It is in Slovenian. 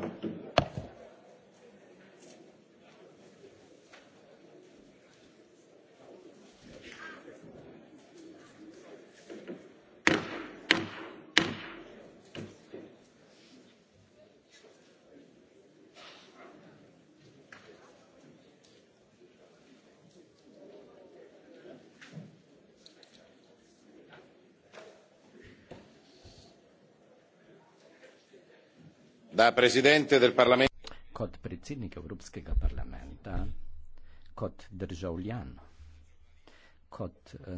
Thank you. da presidente del parlamento kot predsednik evropskega parlamenta kot državljan kot eh,